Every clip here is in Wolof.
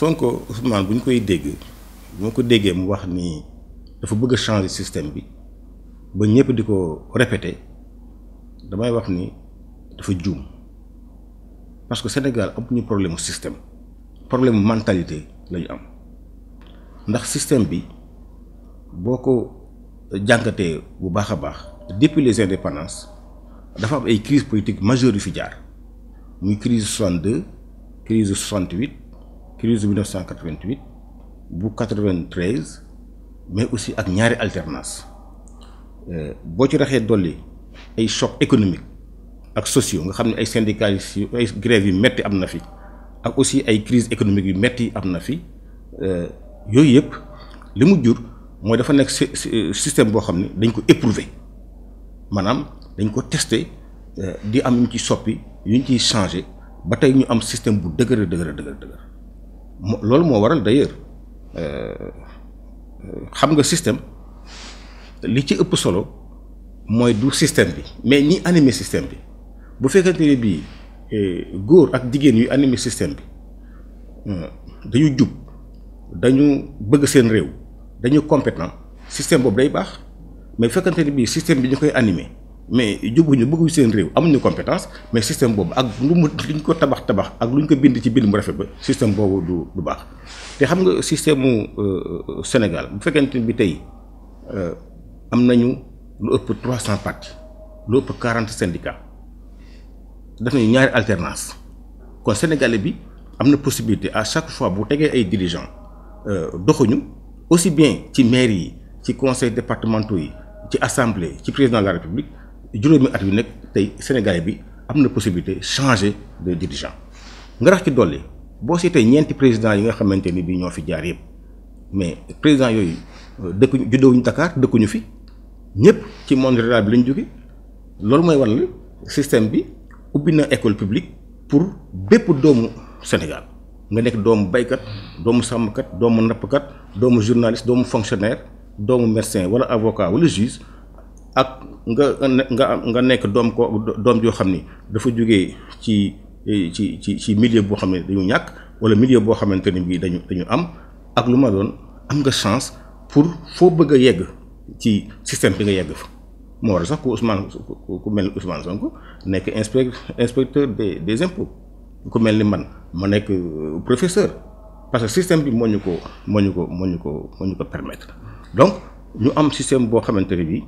Sonko Ousmane buñ koy dégg bu ma ko déggee mu wax ni dafa bëgg a changer système bi ba ñëpp di ko répéter damay wax ni dafa juum parce que Sénégal amuñu problème de système problème mentalité lañu am ndax système bi boo ko jàngatee bu baax a baax depuis les indépendances dafa am ay crise politique majeure yu fi jaar muy crise 62 crise 68 crise 1988 bu 93 mais aussi ak ñaari alternance euh, Bo ci raxé dolli ay choc économique ak sociaux nga xamni ay syndicats ay grèves yu metti amna fi ak aussi ay crise économique yu metti amna fi euh yëpp li mu jur moy dafa nek système bo xamni dañ ko éprouver manam dañ ko tester euh, di am ci soppi yuñ ci changer ba ñu am système bu dëgër dëgër dëgër dëgër loolu moo waral d'ailleurs euh, xam nga système li ci ëpp solo mooy du système bi mais ñi animer système bi bu fekkente ne bii euh, góor ak jigéen yu animer système bi euh, dañu jub dañu bëgg seen réew dañu compétent système boobu day baax mais fekkante ni bii système bi ñu koy animer mais jubuñu bëgguñu seen réew amuñu compétence mais système bob ak lu mu lu ko tabax tabax ak luñ ko bind ci bind mu rafet ba système bobu du du baax té xam nga système euh, euh, Sénégal bu fekkente bi tey euh, am nañu lu ëpp trois cent partis lu ëpp quarante syndicats def nañu ñaari alternance kon sénégalais bi am na possibilité à chaque fois bu tegee ay dirigeants doxuñu aussi bien ci maire yi ci conseil départementaux yi ci assemblée ci président de la république je veux dire sénégalais am changer de dirigeant nga rax ci dolli un président yi nga ni jaar mais président yooyu euh, de Dakar fi de ci monde rural bi président système bi école publique pour bépp doomu Sénégal nga nek doomu baykat doomu doomu doomu journaliste doomu fonctionnaire doomu médecin wala avocat wala juge ak nga nga nga nekk doom ko doom joo xam ni dafa jógee ci ci ci ci milieu boo xam ne dañu ñàkk wala milieu boo xamante ni bii dañu dañu am ak lu ma doon am nga chance pour foo bëgg a yegg ci système bi nga yegg fa moo waral sax ku Ousmane ku mel ni Ousmane Sonko nekk inspecteur des des impôts ku mel ni man ma nekk euh, professeur parce que système bi moo ko moo ñu ko moo ñu ko moo ñu ko permettre donc ñu am système boo xamante ne bii.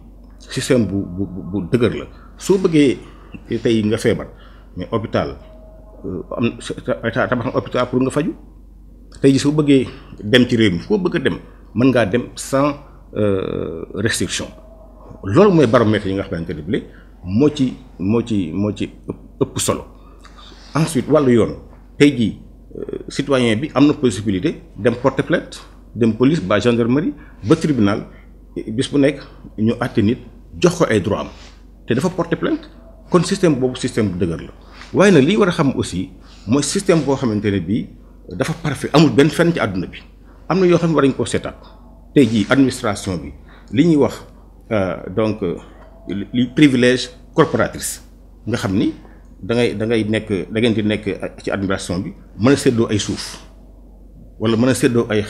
système bu bu bu dëgër la soo bëggee eh, tey nga feebar mais hôpital euh, am tabax hôpital pour nga faju tey ji bëggee dem ci réew mi foo bëgg a dem mën ngaa dem sans euh, restriction loolu mooy baromètre yi nga xamante ne bii moo ci moo ci moo ci ëpp solo ensuite wàllu yoon tey jii euh, citoyen bi am na possibilité dem porter plainte dem police ba gendarmerie ba tribunal eh, bis bu nekk ñu àtte nit jox ko ay droit te porter plainte kon système système bu la système dafa parfait amul benn fenn ci àdduna bi xam administration bi li wax euh, donc euh, li privilège corporatrice nga xam ni da ngay da ngay nekk da ngeen di nekk ci administration bi mën ay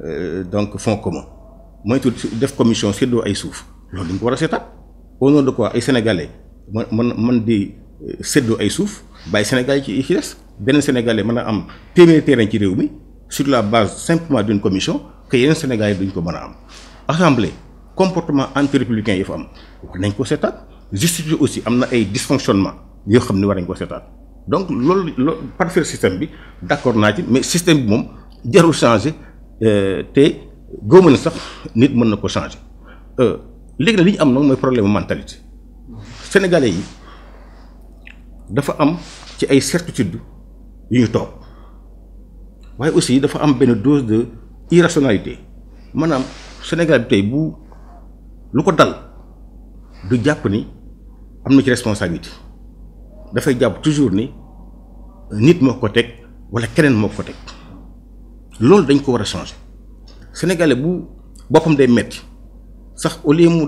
euh, donc fonds commun tout def commission ay au nom de quoi ay sénégalais man man di euh, seddo ay sénégalais ci sénégalais am terrain sur la base simplement d'une commission que un sénégalais duñ ko assemblée comportement anti-républicain am aussi dysfonctionnement donc le système d'accord mais système bi góoma ne sax nit mën na ko changer euh légui nag li am nag moy problème mentalité sénégalais yi dafa am ci ay certitude yu ñu toog waaye aussi dafa am ben dose de irrationalité manam Sénégal bi tey bu lu ko dal du japp ni am na ci responsabilité da fay japp toujours ni nit moko tek wala walla keneen moo ko loolu dañ ko war a changer sénégalais bu bopam day metti sax au lieu mu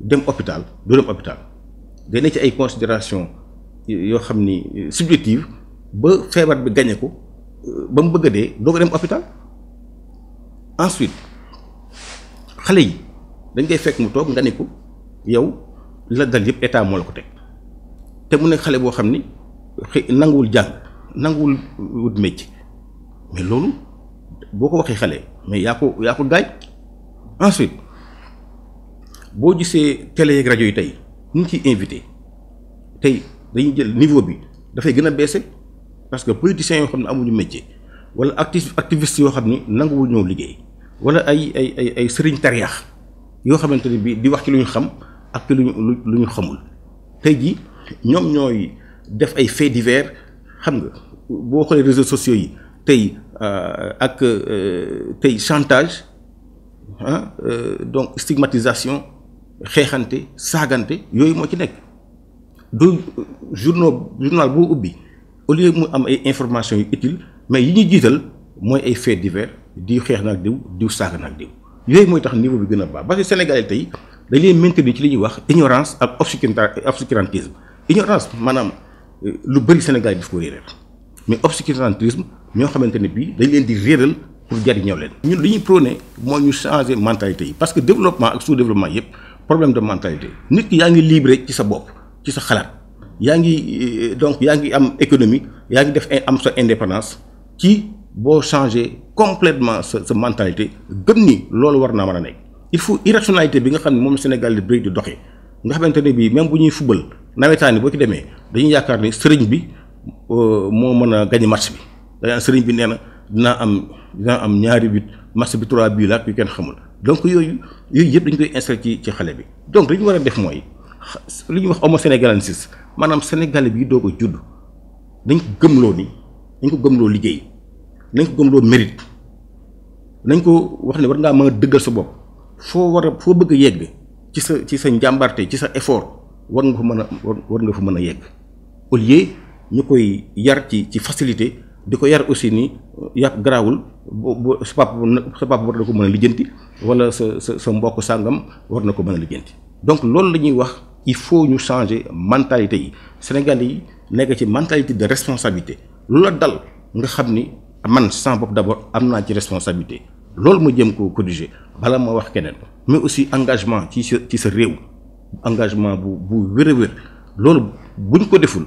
dem hôpital du dem hôpital day nekk ci ay considération yoo xam ni subjective ba feebar bi gañe ko ba mu bëgg a dee doo ko dem hôpital ensuite xale yi dañ koy fekk mu toog nga ne ko yow la dal yëpp état moo la ko teg te mu ne xale boo xam ni nanguwul jàng nanguwul wut mais loolu boo ko waxee xale mais yaa ko yaa ko gaañ ensuite boo gisee télé yeeg rajo yi tey ñu ngi ciy invité tey dañuy jël niveau bi dafay gën a baissé parce que politiciens yoo xam ne amuñu métier wala acti activistes yoo xam ni nanguwul ñëw liggéey wala ay ay ay ay sëriñ tariyaax yoo xamante ni bii di wax ci lu ñu xam ak ci lu ñu lu ñu xamul tey jii ñoom ñooy def ay faits divers xam nga boo xoolee réseau sociaux yi tey. Euh, ak tey euh, chantage ah donc stigmatisation xeexante saagante yooyu moo ci nekk du journaux journal boo ubbi au lieu mu am ay informations yu utile mais yi ñuy jiital mooy ay faits divers di xeex naag diw diw saaga naag diw yooyu mooy tax niveau bi gën a baax parce que sénégalais tey dañ leen maintenir ci li ñuy wax ignorance ak obscurantisme ignorance maanaam lu bëri sénégalais daf ko réeréer mais obscurantisme ñoo xamante ne bii dañ leen di réeral pour jariñoo leen. ñun li ñuy prôné moo ñu changer mentalité yi parce que développement ak sous développement yëpp problème de mentalité nit ki yaa ngi libre ci sa bopp ci sa xalaat yaa ngi euh, donc yaa ngi am économie yaa ngi def am sa indépendance ci boo changer complètement sa sa mentalité gëm ni loolu war naa mën a nekk. il faut irrationalité bi nga xam ne moom Sénégal di bëri di doxee nga xamante ne bii même bu ñuy fubal nawetaan yi boo ci demee dañuy yaakaar ni sëriñ bi. Euh, moo mën a gagné match bi danaa sëriñ bi nee na dinaa am dinaa am ñaari but match bi trois buts la ak yu kenn xamul donc yooyu yooyu yëpp dañ koy installé ci xale bi donc li ñu war a def mooy li ñuy wax homo sénégalensis maanaam sénégalais bi doo koy judd dañ ko gëmloo ni dañ ko gëmloo liggéey dañ ko gëmloo mérite nañ ko wax ne war ngaa mën a dëggal sa bopp foo war a foo bëgg a yegg ci sa ci sa njàmbarte ci sa effort war nga fa mën a war nga fa mën a yegg ñu koy yar ci ci facilité di ko yar aussi ni euh, yàpp garaawul bu sa papa sa war na ko mën a lijjanti wala sa sa sa mbokk sàngam war na ko mën a lijjanti donc loolu la ñuy wax il faut ñu changer mentalité yi sénégal yi nekk ci mentalité de responsabilité lu la dal nga xam ni man san bopp d'abord am naa ci responsabilité loolu ma jëm ko corriger bala ma wax keneen mais aussi engagement ci sa ci sa réew engagement bu bu wér wér loolu buñ ko deful